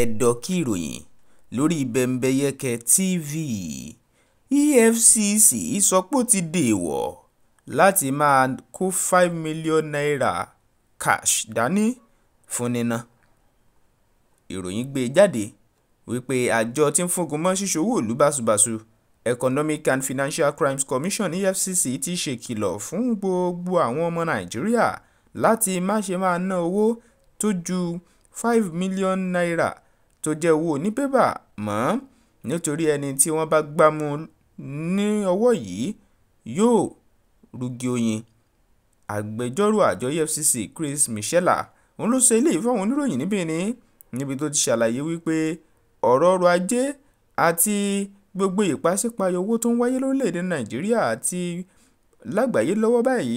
ẹ̀dọ̀kí ìròyìn lórí bẹ́ńbẹ́yẹ́kẹ́ tv efcc sọ pé ó ti dèèwọ̀ láti máa kó five million naira cash dání fún nínà ìròyìn gbé e jáde wípé àjọ tí ń fúngun mọ́ ṣíṣòwò ìlú báṣubàṣu economic and financial crimes commission efcc ti ṣèkìlọ̀ fún gbogbo àwọn ọmọ nàìjíríà láti má ṣe máa ná owó tó ju five million naira tó jẹ́ owó oníbébà mọ́ nítorí ẹni tí wọ́n bá gbámú ní ọwọ́ yìí yóò rugi oyin agbẹjọ́rò àjọ EFCC Chris Michela òun ló sọ eléyìí fáwọn oníròyìn níbí ni níbi tó ti ṣàlàyé wípé ọ̀rọ̀ ọrọ̀ ajé àti gbogbo ìpàsípayọ owó tó ń wáyé lórílẹ̀‐èdè Nàìjíríà àti lágbàáyé lọ́wọ́ báyìí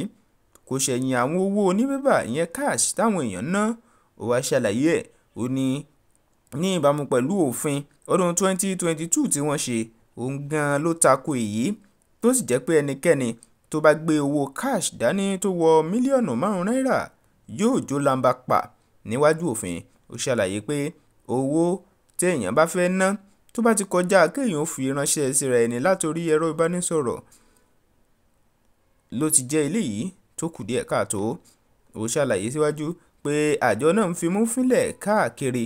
kò ṣẹ̀yìn àwọn owó oníbébà ìyẹn cash táwọn èèyàn ná ó wá ṣàlàyé ẹ̀ ó ní ní ìbámu pẹ̀lú òfin ọdún 2022 tí wọ́n ṣe òun gan-an ló tako èyí tó sì jẹ́ pé ẹnikẹ́ni tó bá gbé owó cash dání tó wọ mílíọ̀nù márùn-ún náírà yóò jó lamba pa níwájú òfin ó ṣàlàyé pé owó téèyàn bá fẹ́ ná tó bá ti kọjá kéèyàn ó fi ránṣẹ́ síra ẹni látòrí ẹ̀rọ ìbánisọ̀rọ̀ ló ti jẹ́ eléyìí tó kù díẹ̀ káàtó ó ṣàlàyé síwájú pé àjọ náà ń fimú fínlẹ̀ káàkiri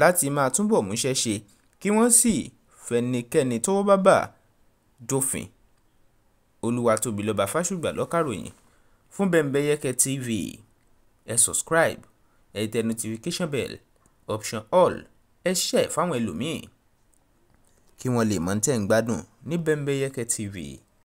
láti máa túbọ̀ múṣẹ́ ṣe kí wọ́n sì fẹnikẹ́ni tọ́wọ́ bá bà dófin olùwàtòbílọ́ba fásùgbà lọ́kàròyìn fún bẹ́ńbẹ́yẹ́kẹ́ tv ẹ e subscribe ẹ tẹ notification bell option all ẹ e share fáwọn ẹlòmíì kí wọ́n lè mọ̀ tẹ́ ń gbádùn ní bẹ́ńbẹ́yẹ́kẹ́ tv.